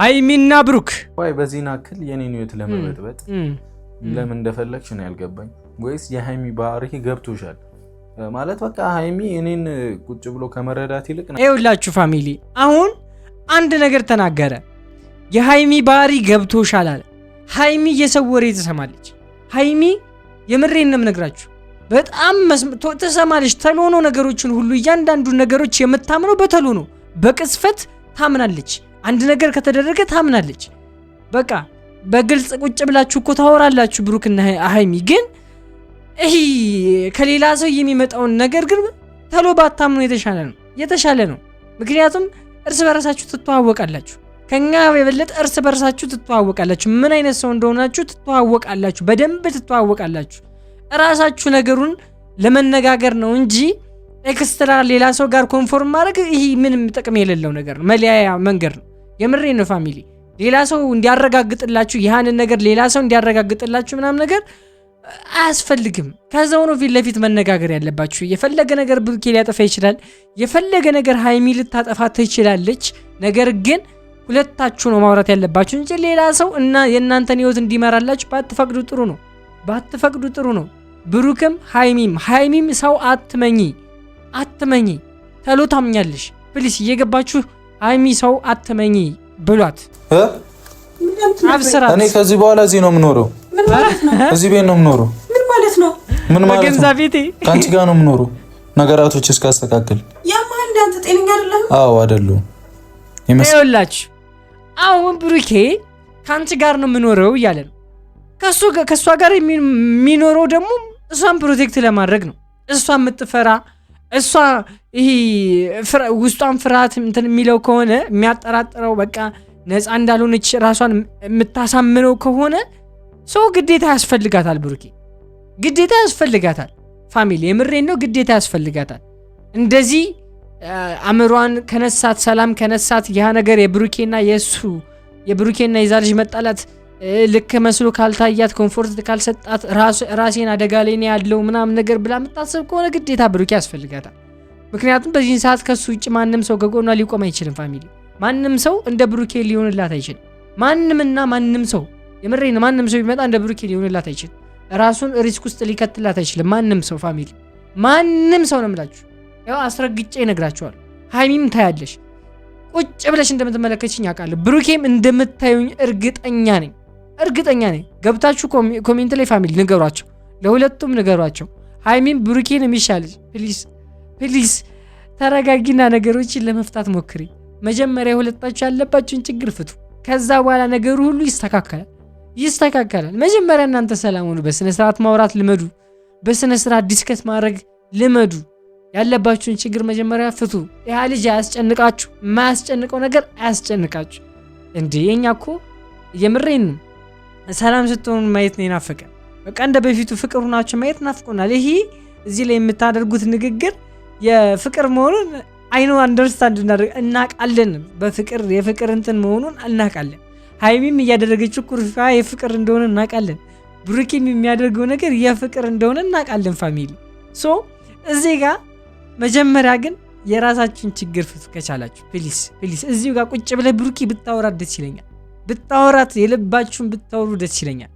ሀይሚና ብሩክ ወይ በዚህን አክል የኔን ህይወት ለመበጥበጥ ለምን እንደፈለግሽ ነው ያልገባኝ። ወይስ የሀይሚ ባህሪ ገብቶሻል ማለት በቃ ሀይሚ እኔን ቁጭ ብሎ ከመረዳት ይልቅ ነው። ይኸውላችሁ ፋሚሊ አሁን አንድ ነገር ተናገረ። የሀይሚ ባህሪ ገብቶሻል አለ። ሀይሚ የሰው ወሬ ትሰማለች። ሀይሚ የምሬን ነው የምነግራችሁ በጣም ትሰማለች። ተሎ ነው ነገሮችን ሁሉ እያንዳንዱ ነገሮች የምታምነው በተሎኖ ነው፣ በቅጽፈት ታምናለች። አንድ ነገር ከተደረገ ታምናለች። በቃ በግልጽ ቁጭ ብላችሁ እኮ ታወራላችሁ ብሩክና ሀይሚ። ግን ይሄ ከሌላ ሰው የሚመጣውን ነገር ግን ተሎ ባታምኑ የተሻለ ነው የተሻለ ነው። ምክንያቱም እርስ በርሳችሁ ትተዋወቃላችሁ። ከኛ የበለጠ እርስ በርሳችሁ ትተዋወቃላችሁ። ምን አይነት ሰው እንደሆናችሁ ትተዋወቃላችሁ፣ በደንብ ትተዋወቃላችሁ። እራሳችሁ ነገሩን ለመነጋገር ነው እንጂ ኤክስትራ ሌላ ሰው ጋር ኮንፎርም ማድረግ ይህ ምንም ጥቅም የሌለው ነገር ነው፣ መለያያ መንገድ ነው። የምሬ ነው ፋሚሊ ሌላ ሰው እንዲያረጋግጥላችሁ ያህንን ነገር ሌላ ሰው እንዲያረጋግጥላችሁ ምናምን ነገር አያስፈልግም። ከዛው ነው ፊት ለፊት መነጋገር ያለባችሁ። የፈለገ ነገር ብሩኬ ሊያጠፋ ይችላል፣ የፈለገ ነገር ሀይሚ ልታጠፋ ትችላለች። ነገር ግን ሁለታችሁ ነው ማውራት ያለባችሁ እንጂ ሌላ ሰው እና የእናንተን ህይወት እንዲመራላችሁ ባትፈቅዱ ጥሩ ነው፣ ባትፈቅዱ ጥሩ ነው። ብሩክም ሀይሚም ሀይሚም ሰው አትመኝ፣ አትመኝ ተሎ ታምኛለሽ። ፕሊስ እየገባችሁ ሀይሚ ሰው አትመኝ ብሏት አብስራ እኔ ከዚህ በኋላ እዚህ ነው የምኖረው፣ እዚህ ቤት ነው የምኖረው። ምን ማለት ነው? ምን ማለት ነው? ከአንቺ ጋር ነው የምኖረው ነገራቶች እስካስተካክል። ያማ አዎ አይደለም ይመስላችሁ። አሁን ብሩኬ ከአንቺ ጋር ነው የምኖረው እያለ ነው። ከሱ ከሷ ጋር የሚኖረው ደግሞ እሷን ፕሮቴክት ለማድረግ ነው። እሷ የምትፈራ እሷ ይሄ ውስጧን ፍርሃት እንትን የሚለው ከሆነ የሚያጠራጥረው በቃ ነፃ እንዳልሆነች ራሷን የምታሳምነው ከሆነ ሰው ግዴታ ያስፈልጋታል። ብሩኬ ግዴታ ያስፈልጋታል። ፋሚሊ የምሬን ነው፣ ግዴታ ያስፈልጋታል። እንደዚህ አእምሯን ከነሳት፣ ሰላም ከነሳት፣ ያ ነገር የብሩኬና የእሱ የብሩኬና የዛ ልጅ መጣላት ልክ መስሎ ካልታያት ኮንፎርት ካልሰጣት ራሴን አደጋ ላይ ነው ያለው ምናምን ነገር ብላ የምታስብ ከሆነ ግዴታ ብሩኬ ያስፈልጋታል። ምክንያቱም በዚህን ሰዓት ከሱ ውጭ ማንም ሰው ከጎኗ ሊቆም አይችልም። ፋሚሊ ማንም ሰው እንደ ብሩኬ ሊሆንላት አይችልም። ማንምና ማንም ሰው የምሬን ማንም ሰው ቢመጣ እንደ ብሩኬ ሊሆንላት አይችልም። ራሱን ሪስክ ውስጥ ሊከትላት አይችልም። ማንም ሰው ፋሚሊ ማንም ሰው ነው የምላችሁ። ያው አስረግጬ ይነግራችኋል። ሀይሚም ታያለሽ፣ ቁጭ ብለሽ እንደምትመለከችኝ ያውቃለሁ። ብሩኬም እንደምታዩኝ እርግጠኛ ነኝ። እርግጠኛ ነኝ። ገብታችሁ ኮሜንት ላይ ፋሚሊ ንገሯቸው፣ ለሁለቱም ንገሯቸው። ሀይሚን ብሩኬን የሚሻል ፕሊስ፣ ተረጋጊና ነገሮችን ለመፍታት ሞክሪ። መጀመሪያ የሁለታችሁ ያለባችሁን ችግር ፍቱ። ከዛ በኋላ ነገሩ ሁሉ ይስተካከላል ይስተካከላል። መጀመሪያ እናንተ ሰላም በስነስርዓት በስነ ስርዓት ማውራት ልመዱ። በስነ ስርዓት ዲስከስ ማድረግ ልመዱ። ያለባችሁን ችግር መጀመሪያ ፍቱ። ያ ልጅ አያስጨንቃችሁ። የማያስጨንቀው ነገር አያስጨንቃችሁ። እንዴ የኛ እኮ የምሬን ነው ሰላም ስትሆኑ ማየት ነው የናፈቀን። በቃ እንደ በፊቱ ፍቅር ሁናችሁ ማየት ናፍቆናል። ይሄ እዚህ ላይ የምታደርጉት ንግግር የፍቅር መሆኑን አይኖ አንደርስታንድ እናደርግ እናቃለን። በፍቅር የፍቅር እንትን መሆኑን እናቃለን። ሀይሚም እያደረገችው ኩርፋ የፍቅር እንደሆነ እናቃለን። ብሩኪም የሚያደርገው ነገር የፍቅር እንደሆነ እናቃለን። ፋሚሊ ሶ እዚህ ጋ መጀመሪያ ግን የራሳችን ችግር ፍቱ ከቻላችሁ ፕሊስ ፕሊስ። እዚሁ ጋር ቁጭ ብለህ ብሩኪ ብታወራ ደስ ይለኛል። ብታወራት የልባችሁን ብታወሩ ደስ ይለኛል።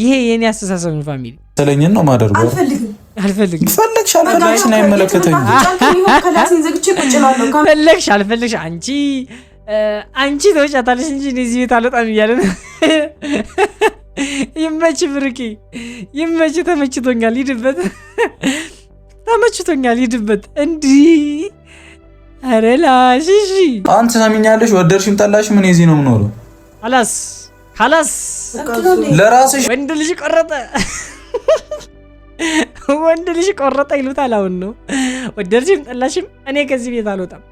ይሄ የኔ አስተሳሰብ ነው። ፋሚሊ ሰለኝን ነው ማደርገው። አልፈልግም አልፈልግም። ፈለግሽ አልፈለግሽን አይመለከተኝም። ፈለግሽ አልፈለግሽ አንቺ አንቺ ተወጫታለሽ እንጂ እዚህ ቤት አልወጣም ነው። ይመች ብርቂ ይመች። ተመችቶኛል፣ ሂድበት። ተመችቶኛል፣ ሂድበት። እንዲህ ኧረ ላሽ አንቺ ሰሚኛለሽ። ወደድሽም ጠላሽ ምን የዚህ ነው የምኖረው ላስ ላስ ለራስሽ ወንድ ልጅ ቆረጠ ወንድ ልጅ ቆረጠ ይሉታል። አሁን ነው ወደድሽም ጠላሽም፣ እኔ ከዚህ ቤት አልወጣም።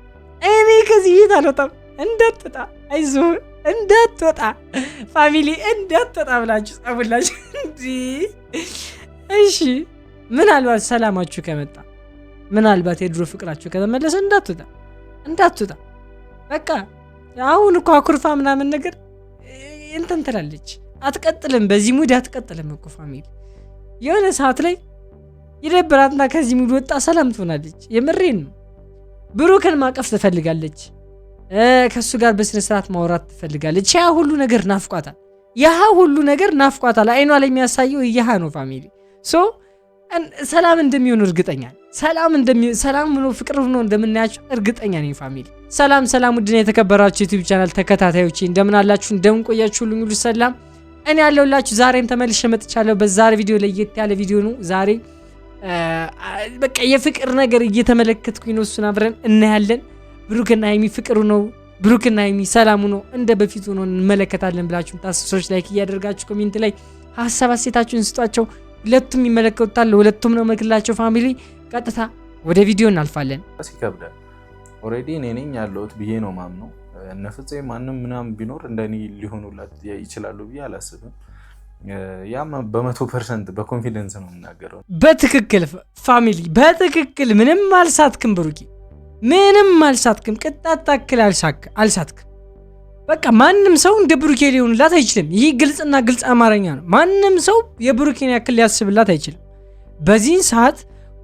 እኔ ከዚህ ቤት አልወጣም። እንዳትወጣ፣ አይዞህ፣ እንዳትወጣ፣ ፋሚሊ እንዳትወጣ ብላችሁ ጻፉላችሁ። እሺ፣ ምናልባት ሰላማችሁ ከመጣ ምናልባት የድሮ ፍቅራችሁ ከተመለሰ እንዳትወጣ፣ እንዳትወጣ። በቃ አሁን እኮ አኩርፋ ምናምን ነገር እንትን ትላለች። አትቀጥልም፣ በዚህ ሙድ አትቀጥልም እኮ ፋሚሊ። የሆነ ሰዓት ላይ ይደብራትና ከዚህ ሙድ ወጣ ሰላም ትሆናለች። የምሬን ብሩክን ማቀፍ ትፈልጋለች። ከእሱ ጋር በስነስርዓት ማውራት ትፈልጋለች። ያ ሁሉ ነገር ናፍቋታል። ያ ሁሉ ነገር ናፍቋታል። አይኗ ላይ የሚያሳየው ያህ ነው ፋሚሊ። ሶ ሰላም እንደሚሆን እርግጠኛ ሰላም ሰላም ፍቅር ሆኖ እንደምናያቸው እርግጠኛ ነኝ ፋሚሊ። ሰላም ሰላም፣ ውድን የተከበራችሁ ዩቲዩብ ቻናል ተከታታዮቼ እንደምን አላችሁ? እንደምን ቆያችሁ? ሁሉ ሙሉ ሰላም እኔ ያለሁላችሁ ዛሬም ተመልሼ መጥቻለሁ። በዛሬ ቪዲዮ ለየት ያለ ቪዲዮ ነው። ዛሬ በቃ የፍቅር ነገር እየተመለከትኩኝ ነው። እሱን አብረን እናያለን። ብሩክና ሀይሚ ፍቅሩ ነው፣ ብሩክና ሀይሚ ሰላሙ ነው፣ እንደ በፊቱ ነው እንመለከታለን ብላችሁ ታስብ ሰዎች ላይክ እያደርጋችሁ ኮሜንት ላይ ሀሳብ አሴታችሁን ስጧቸው። ሁለቱም ይመለከቱታል፣ ሁለቱም ነው መክላቸው ፋሚሊ። ቀጥታ ወደ ቪዲዮ እናልፋለን። ይከብዳል ኦልሬዲ እኔ ነኝ ያለሁት ብዬ ነው ማምነው። እነ ፍፄ ማንም ምናምን ቢኖር እንደኔ ሊሆኑላት ይችላሉ ብዬ አላስብም። ያም በመቶ ፐርሰንት በኮንፊደንስ ነው የምናገረው። በትክክል ፋሚሊ፣ በትክክል ምንም አልሳትክም፣ ብሩ ምንም አልሳትክም። ቅጣት ታክል አልሳትክም። በቃ ማንም ሰው እንደ ብሩኬ ሊሆንላት አይችልም። ይህ ግልጽና ግልጽ አማርኛ ነው። ማንም ሰው የብሩኬን ያክል ሊያስብላት አይችልም። በዚህን ሰዓት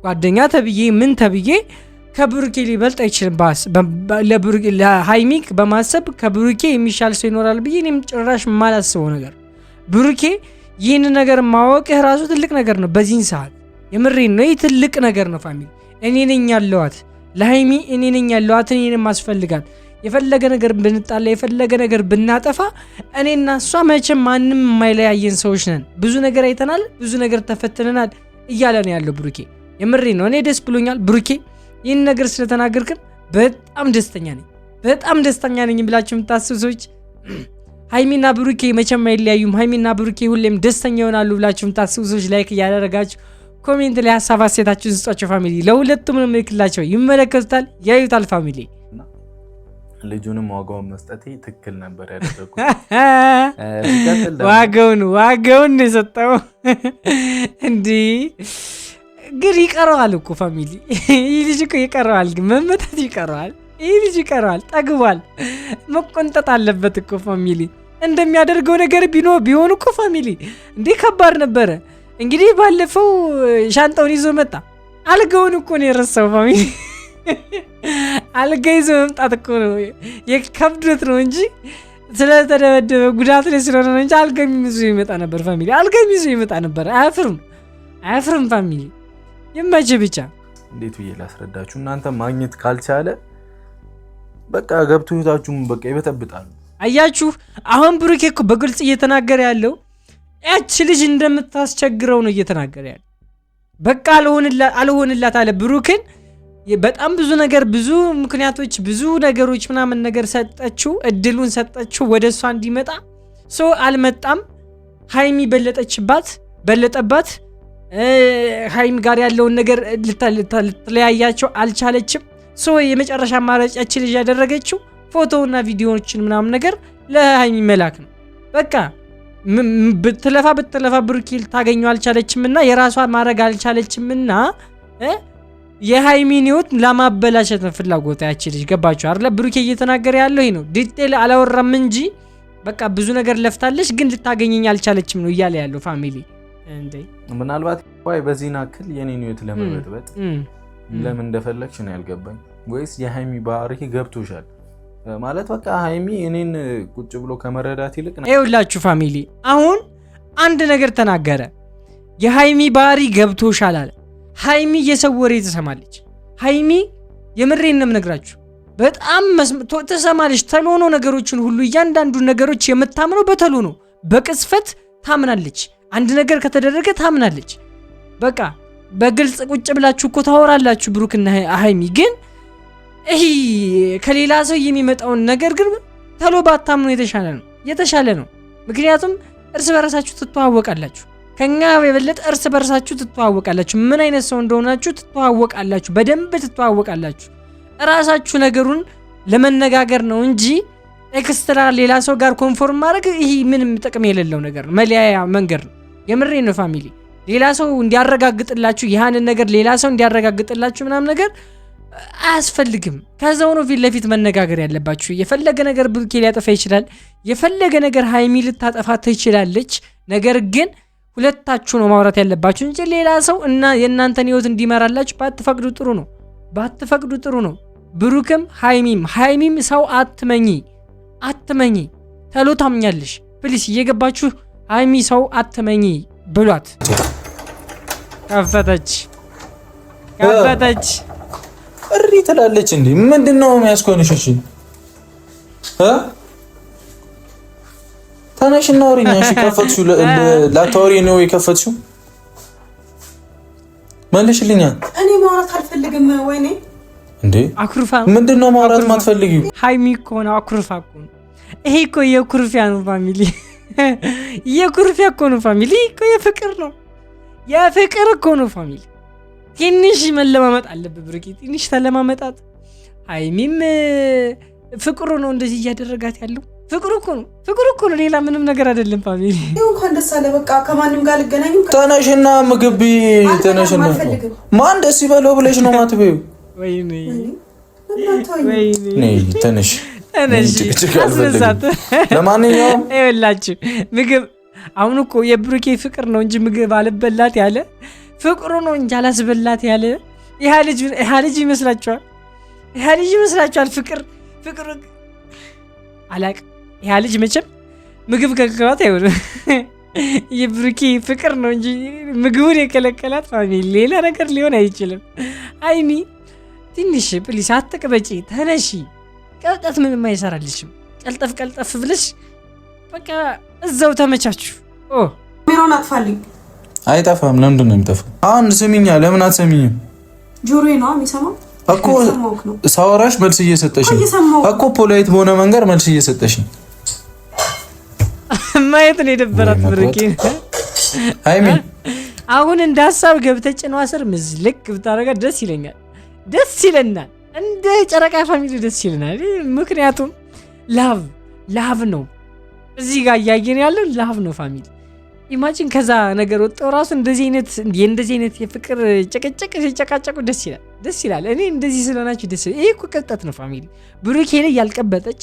ጓደኛ ተብዬ ምን ተብዬ ከብሩኬ ሊበልጥ አይችልም። ለሀይሚ በማሰብ ከብሩኬ የሚሻል ሰው ይኖራል ብዬ እኔም ጭራሽ ማላስበው ነገር ብሩኬ ይህን ነገር ማወቅህ ራሱ ትልቅ ነገር ነው። በዚህን ሰዓት የምሬን ነው። ይህ ትልቅ ነገር ነው። ፋሚሊ እኔ ነኝ ያለዋት ለሀይሚ እኔ ነኝ ያለዋት። እኔን ማስፈልጋት የፈለገ ነገር ብንጣላ የፈለገ ነገር ብናጠፋ እኔና እሷ መቼም ማንም የማይለያየን ሰዎች ነን። ብዙ ነገር አይተናል፣ ብዙ ነገር ተፈትነናል እያለ ነው ያለው ብሩኬ። የምሬን ነው። እኔ ደስ ብሎኛል ብሩኬ ይህን ነገር ስለተናገርክን በጣም ደስተኛ ነኝ፣ በጣም ደስተኛ ነኝ ብላችሁ የምታስብ ሰዎች ሀይሚና ብሩኬ መቼም አይለያዩም፣ ሀይሚና ብሩኬ ሁሌም ደስተኛ ይሆናሉ ብላችሁ የምታስቡ ሰዎች ላይክ እያደረጋችሁ ኮሜንት ላይ ሀሳብ አሴታችሁን ስጧቸው። ፋሚሊ ለሁለቱም ነው ምልክላቸው፣ ይመለከቱታል፣ ያዩታል። ፋሚሊ ልጁንም ዋጋውን መስጠቴ ትክክል ነበር ያደረኩት። ዋጋውን ዋጋውን የሰጠው እንዲህ ግን ይቀረዋል እኮ ፋሚሊ፣ ይህ ልጅ እኮ ይቀረዋል፣ ግን መመታት ይቀረዋል። ይህ ልጅ ይቀረዋል፣ ጠግቧል፣ መቆንጠጥ አለበት እኮ ፋሚሊ። እንደሚያደርገው ነገር ቢኖ ቢሆን እኮ ፋሚሊ እንዴ ከባድ ነበረ። እንግዲህ ባለፈው ሻንጣውን ይዞ መጣ። አልጋውን እኮ ነው የረሳው ፋሚሊ። አልጋ ይዞ መምጣት እኮ ነው የከብዶት ነው እንጂ ስለተደበደበ ጉዳት ላይ ስለሆነ ነው እንጂ አልጋም ይዞ ይመጣ ነበር ፋሚሊ። አልጋም ይዞ ይመጣ ነበር። አያፍርም አያፍርም ፋሚሊ። ይመች ብቻ እንዴት ብዬ ላስረዳችሁ? እናንተ ማግኘት ካልቻለ በቃ ገብቶ ህይወታችሁም በቃ ይበጠብጣሉ። አያችሁ፣ አሁን ብሩኬ እኮ በግልጽ እየተናገረ ያለው ያች ልጅ እንደምታስቸግረው ነው እየተናገረ ያለው። በቃ አልሆንላት አለ ብሩክን። በጣም ብዙ ነገር፣ ብዙ ምክንያቶች፣ ብዙ ነገሮች ምናምን ነገር ሰጠችው፣ እድሉን ሰጠችው ወደ እሷ እንዲመጣ። ሰው አልመጣም። ሀይሚ በለጠችባት በለጠባት ሀይም ጋር ያለውን ነገር ልትለያያቸው አልቻለችም። ሶ የመጨረሻ ማረጫ ልጅ ያደረገችው ፎቶና ቪዲዮዎችን ምናምን ነገር ለሀይሚ መላክ ነው። በቃ ብትለፋ ብትለፋ ብሩኬ ታገኘው አልቻለችምና የራሷ ማድረግ አልቻለችምና የሀይሚን ህይወት ለማበላሸት ነው ፍላጎት ያቺ ልጅ። ገባችሁ አይደለ? ብሩኬ እየተናገረ ያለው ይሄ ነው። ዲቴል አላወራም እንጂ በቃ ብዙ ነገር ለፍታለች፣ ግን ልታገኘኝ አልቻለችም ነው እያለ ያለው ፋሚሊ ምናልባት ይ በዚህ ናክል የኔን ህይወት ለመበጥበጥ ለምን እንደፈለግሽ ነው ያልገባኝ። ወይስ የሀይሚ ባህሪ ገብቶሻል ማለት በቃ ሀይሚ እኔን ቁጭ ብሎ ከመረዳት ይልቅ ነው። ይኸውላችሁ ፋሚሊ አሁን አንድ ነገር ተናገረ። የሀይሚ ባህሪ ገብቶሻል አለ። ሀይሚ የሰው ወሬ ትሰማለች። ሀይሚ የምሬን ነው የምነግራችሁ በጣም ትሰማለች። ተሎኖ ነገሮችን ሁሉ እያንዳንዱ ነገሮች የምታምነው በተሎኖ ነው፣ በቅጽፈት ታምናለች። አንድ ነገር ከተደረገ ታምናለች። በቃ በግልጽ ቁጭ ብላችሁ እኮ ታወራላችሁ ብሩክና ሀይሚ። ግን ይሄ ከሌላ ሰው የሚመጣውን ነገር ግን ተሎ ባታምኑ የተሻለ ነው የተሻለ ነው። ምክንያቱም እርስ በርሳችሁ ትተዋወቃላችሁ። ከኛ የበለጠ እርስ በርሳችሁ ትተዋወቃላችሁ። ምን አይነት ሰው እንደሆናችሁ ትተዋወቃላችሁ፣ በደንብ ትተዋወቃላችሁ። እራሳችሁ ነገሩን ለመነጋገር ነው እንጂ ኤክስትራ ሌላ ሰው ጋር ኮንፎርም ማድረግ ይህ ምንም ጥቅም የሌለው ነገር ነው፣ መለያያ መንገድ ነው። የምሬ ነው ፋሚሊ ሌላ ሰው እንዲያረጋግጥላችሁ ያንን ነገር ሌላ ሰው እንዲያረጋግጥላችሁ ምናምን ነገር አያስፈልግም። ከዛው ነው ፊት ለፊት መነጋገር ያለባችሁ። የፈለገ ነገር ብሩኬ ሊያጠፋ ይችላል፣ የፈለገ ነገር ሀይሚ ልታጠፋ ትችላለች። ነገር ግን ሁለታችሁ ነው ማውራት ያለባችሁ እንጂ ሌላ ሰው እና የእናንተን ህይወት እንዲመራላችሁ ባትፈቅዱ ጥሩ ነው፣ ባትፈቅዱ ጥሩ ነው። ብሩክም ሀይሚም ሀይሚም ሰው አትመኝ፣ አትመኝ ተሎ ታምኛለሽ። ፕሊስ እየገባችሁ ሀይሚ ሰው አትመኝ ብሏት ከፈተች ከፈተች እሪ ትላለች። እንዴ ምንድን ነው የሚያስኮንሽሽ? ተነሽና ወሪኛ እሺ። ከፈትሽው ላታወሪ ነው የከፈትሽው? መልሽልኛ። እኔ ማውራት አልፈልግም። ወይኔ እንዴ አኩርፋ። ምንድን ነው ማውራት ማትፈልጊው? ሀይሚ እኮ ነው አኩርፋ። እኮ ይሄ እኮ የኩርፊያ ነው ፋሚሊ የኩርፊያ እኮ ነው ፋሚሊ እኮ የፍቅር ነው የፍቅር እኮ ነው ፋሚሊ። ትንሽ መለማመጥ አለብህ ብሩኬ፣ ትንሽ ተለማመጣት። ሀይሚም ፍቅሩ ነው እንደዚህ እያደረጋት ያለው ፍቅሩ እኮ ነው፣ ፍቅሩ እኮ ነው። ሌላ ምንም ነገር አይደለም ፋሚሊ። እንኳን ደስ አለ። በቃ ከማንም ጋር ልገናኙ። ተነሽና ምግቢ ተነሽና፣ ማን ደስ ይበለው ብለሽ ነው ማትበዩ? ወይኔ ወይኔ፣ ተነሽ ለማንኛውም ይኸውላችሁ ምግብ አሁን እኮ የብሩኬ ፍቅር ነው እንጂ ምግብ አልበላት ያለ ፍቅሩ ነው እንጂ አላስበላት ያለ ይህ ልጅ ይመስላችኋል? ይህ ልጅ ይመስላችኋል? ፍቅር ፍቅር አላቅ ይህ ልጅ መቼም ምግብ ከልክሏት አይሆንም። የብሩኬ ፍቅር ነው እንጂ ምግቡን የከለከላት ፋሚሊ ሌላ ነገር ሊሆን አይችልም። አይሚ ትንሽ ፕሊስ አትቅበጪ፣ ተነሺ ቀልጠፍ ምንም አይሰራልሽም። ቀልጠፍ ቀልጠፍ ብለሽ በቃ እዛው ተመቻችሁ። ቢሮን አጥፋልኝ። አይጠፋም። ለምንድን ነው የሚጠፋው? አንድ ስሚኛ፣ ለምን አትሰሚኝም? ጆሮ ነው የሚሰማው እኮ ሳወራሽ መልስ እየሰጠሽ እኮ ፖላይት በሆነ መንገድ መልስ እየሰጠሽ ማየት ነው የደበራት ብርቂ ሀይሚ አሁን እንደ ሀሳብ ገብተህ ጭኗ ስር ምዝልቅ ብታደርጋት ደስ ይለኛል፣ ደስ ይለናል። እንደ ጨረቃ ፋሚሊ ደስ ይለናል። ምክንያቱም ላቭ ላቭ ነው። እዚህ ጋር እያየን ያለው ላቭ ነው ፋሚሊ። ኢማጂን ከዛ ነገር ወጣው ራሱ እንደዚህ አይነት የእንደዚህ አይነት የፍቅር ጭቅጭቅ ሲጨቃጨቁ ደስ ይላል፣ ደስ ይላል። እኔ እንደዚህ ስለሆናችሁ ደስ ይላል። ይህ እኮ ቅብጠት ነው ፋሚሊ። ብሩኬ ላይ ያልቀበጠች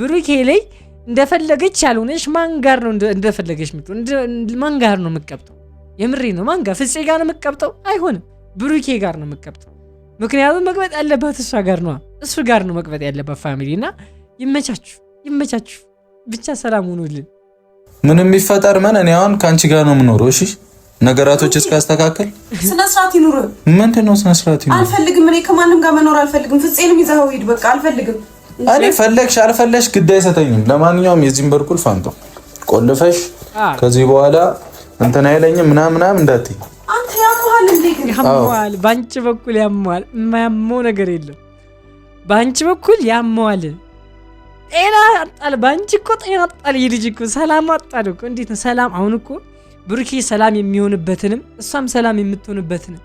ብሩኬ ላይ እንደፈለገች ያልሆነች ማን ጋር ነው እንደፈለገች ምጥ ማን ጋር ነው የምቀብጠው? የምሬ ነው። ማን ጋር ፍፄ ጋር ነው የምቀብጠው? አይሆንም። ብሩኬ ጋር ነው የምቀብጠው። ምክንያቱም መቅበጥ ያለባት እሷ ጋር ነዋ። እሱ ጋር ነው መቅበጥ ያለባት። ፋሚሊ እና ይመቻችሁ፣ ይመቻችሁ ብቻ ሰላም ሆኑልን ምንም የሚፈጠር ምን እኔ አሁን ከአንቺ ጋር ነው የምኖረው። እሺ ነገራቶች እስካስተካከል ስነ ስርዓት ይኑር። ምንድን ነው ስነ ይኑር? አልፈልግም። እኔ ከማንም ጋር መኖር አልፈልግም። ፍጼንም ይዘኸው ሂድ። በቃ አልፈልግም። እኔ ፈለግሽ አልፈለግሽ ግድ አይሰጠኝም። ለማንኛውም የዚህን በርኩል ፋንቶ ቆልፈሽ ከዚህ በኋላ እንትን አይለኝም ምናምን ምናምን እንዳትይ ያመዋል። በአንቺ በኩል ያመዋል። የማያመው ነገር የለም። በአንቺ በኩል ያመዋል። ጤና አጣል። በአንቺ እኮ ጤና አጣል። ልጅ እኮ ሰላም አጣል እኮ። እንዴት ነው ሰላም? አሁን እኮ ብሩኬ ሰላም የሚሆንበትንም እሷም ሰላም የምትሆንበትንም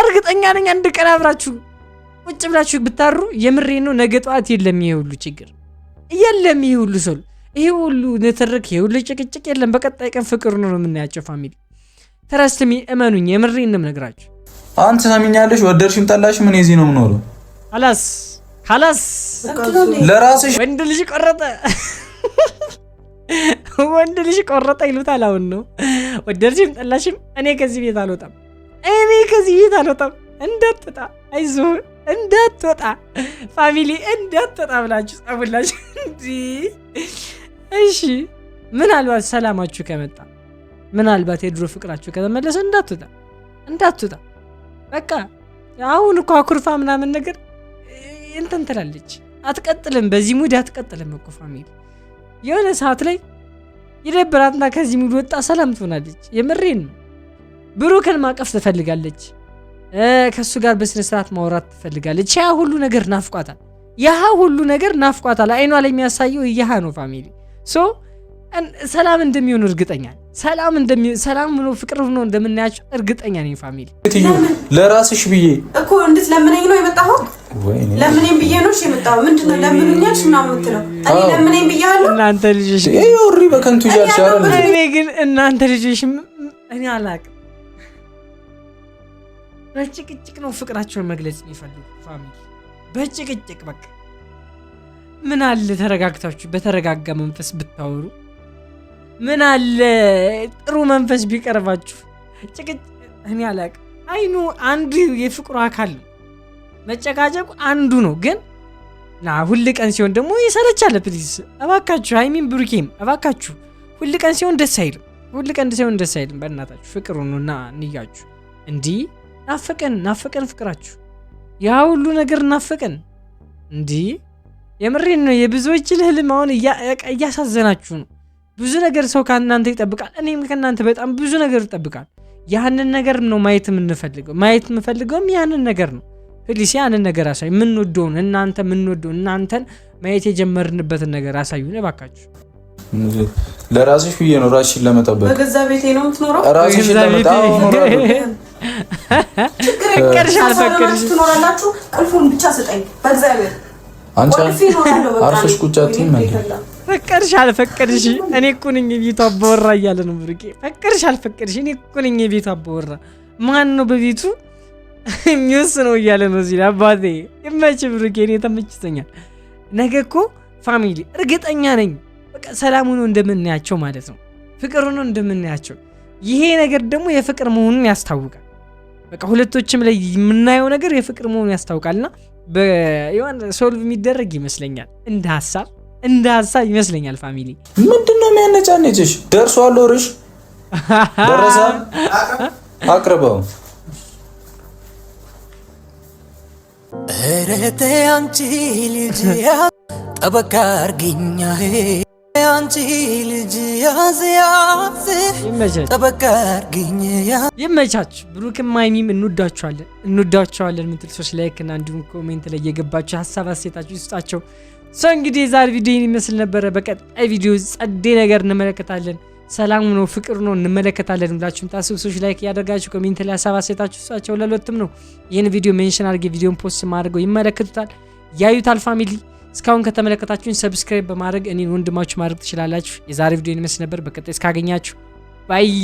እርግጠኛ ነኝ። አንድ ቀን አብራችሁ ቁጭ ብላችሁ ብታሩ የምሬ ነው። ነገ ጠዋት የለም ይሄ ሁሉ ችግር የለም። ይሄ ሁሉ ሰው ይሄ ሁሉ ንትርክ፣ ይሄ ሁሉ ጭቅጭቅ የለም። በቀጣይ ቀን ፍቅር ነው የምናያቸው ፋሚሊ ተረስሚ እመኑኝ፣ የምሬን ነው የምነግራችሁ። አንተ ሰሚኛለሽ፣ ወደድሽም ጠላሽም እኔ እዚህ ነው የምኖረው። አላስ ካላስ ለራስሽ ወንድ ልጅ ቆረጠ ወንድ ልጅ ቆረጠ ይሉታል። አሁን ነው ወደድሽም ጠላሽም እኔ ከዚህ ቤት አልወጣም፣ እኔ ከዚህ ቤት አልወጣም። እንዳትወጣ አይዞህ፣ እንዳትወጣ ፋሚሊ፣ እንዳትወጣ ብላችሁ ጻፉላችሁ። እሺ ምናልባት ሰላማችሁ ከመጣ ምናልባት የድሮ ፍቅራችሁ ከተመለሰ እንዳትወጣ እንዳትወጣ በቃ አሁን እኮ አኩርፋ ምናምን ነገር እንትን ትላለች። አትቀጥልም፣ በዚህ ሙድ አትቀጥልም እኮ ፋሚሊ። የሆነ ሰዓት ላይ ይደብራትና ከዚህ ሙድ ወጣ ሰላም ትሆናለች። የምሬን ነው። ብሩክን ማቀፍ ትፈልጋለች። ከእሱ ጋር በስነስርዓት ማውራት ትፈልጋለች። ያ ሁሉ ነገር ናፍቋታል። ያህ ሁሉ ነገር ናፍቋታል። አይኗ ላይ የሚያሳየው ያህ ነው ፋሚሊ ሶ ሰላም እንደሚሆኑ እርግጠኛ ሰላም እንደሚ ሰላም ብሎ ፍቅር ብሎ እንደምናያቸው እርግጠኛ ነኝ። ፋሚሊ ለራስሽ ብዬ እኮ እንድትለምነኝ ነው የመጣኸው። ለምኔም ብዬ ነው የመጣኸው። ምንድን ነው ለምኑኛል ምናምን የምትለው? እኔ ለምኔም ብያለሁ። እናንተ ልጆች ሪ በከንቱ እያልሽ እኔ ግን እናንተ ልጆች እኔ አላቅም። በጭቅጭቅ ነው ፍቅራቸውን መግለጽ የሚፈልጉ ፋሚሊ፣ በጭቅጭቅ በቃ ምን አለ ተረጋግታችሁ በተረጋጋ መንፈስ ብታወሩ ምን አለ ጥሩ መንፈስ ቢቀርባችሁ ጭቅጭ እኔ አላውቅም። አይኑ አንዱ የፍቅሩ አካል ነው። መጨቃጨቁ አንዱ ነው። ግን ና ሁል ቀን ሲሆን ደግሞ ይሰለቻል። ፕሊዝ እባካችሁ፣ ሀይሚን ብሩኬም እባካችሁ፣ ሁል ቀን ሲሆን ደስ አይልም። ሁል ቀን ሲሆን ደስ አይልም። በእናታችሁ ፍቅሩ ና እንያችሁ። እንዲህ ናፈቀን ናፈቀን ፍቅራችሁ፣ ያ ሁሉ ነገር ናፈቀን። እንዲህ የምሬን ነው። የብዙዎችን ህልም አሁን እያሳዘናችሁ ነው ብዙ ነገር ሰው ከእናንተ ይጠብቃል። እኔም ከእናንተ በጣም ብዙ ነገር ይጠብቃል። ያንን ነገር ነው ማየት የምንፈልገው። ማየት የምፈልገውም ያንን ነገር ነው። ፕሊስ ያንን ነገር አሳዩ። የምንወደውን እናንተ የምንወደውን እናንተን ማየት የጀመርንበትን ነገር አሳዩን እባካችሁ። ለራስሽ ብዬ ነው ራስሽን ለመጠበቅ። በገዛ ቤቴ ነው የምትኖረው። ራስሽን ለመጠበቅ ፈቀድሽ አልፈቀድሽ እኔ እኮ ነኝ የቤቱ አባወራ እያለ ነው ብሩኬ። ፈቀድሽ አልፈቀድሽ እኔ እኮ ነኝ የቤቱ አባወራ። ማን ነው በቤቱ የሚወስነው እያለ ነው ሲል አባቴ ይመች ብሩኬ። እኔ ተመችቶኛል። ነገ እኮ ፋሚሊ እርግጠኛ ነኝ በቃ ሰላም ሆኖ እንደምናያቸው ማለት ነው፣ ፍቅር ሆኖ እንደምናያቸው። ይሄ ነገር ደግሞ የፍቅር መሆኑን ያስታውቃል። በቃ ሁለቶችም ላይ የምናየው ነገር የፍቅር መሆኑን ያስታውቃልና የሆነ ሶልቭ የሚደረግ ይመስለኛል እንደ ሀሳብ እንዳሳ ይመስለኛል። ፋሚሊ ምንድን ነው የሚያነጫነጭሽ? ደርሶ አለርሽ ደረሰ። አቅርበው ረተ አንቺ ልጅ ጠበቃ አርግኛ አንቺ ልጅ ያዝ ያዝ ጠበቃ አርግኝ። ይመቻችሁ። ብሩክም ሀይሚም እንወዳችኋለን፣ እንወዳችኋለን ምትል ሰዎች ላይክ እና እንዲሁም ኮሜንት ላይ የገባችሁ ሀሳብ አስተያየታችሁ ይስጣቸው። ሰው እንግዲህ የዛሬ ቪዲዮ ይመስል ነበረ። በቀጣይ ቪዲዮ ጸዴ ነገር እንመለከታለን። ሰላም ነው ፍቅር ነው እንመለከታለን ብላችሁም ታስቡ። ሰዎች ላይክ እያደርጋችሁ ኮሜንት ላይ ሀሳብ አስተያየታችሁ እሳቸው ለሎትም ነው ይህን ቪዲዮ ሜንሽን አድርጌ ቪዲዮን ፖስት ማድረገው ይመለከቱታል፣ ያዩታል። ፋሚሊ እስካሁን ከተመለከታችሁን ሰብስክራይብ በማድረግ እኔን ወንድማችሁ ማድረግ ትችላላችሁ። የዛሬ ቪዲዮ ይመስል ነበር። በቀጣይ እስካገኛችሁ ባይ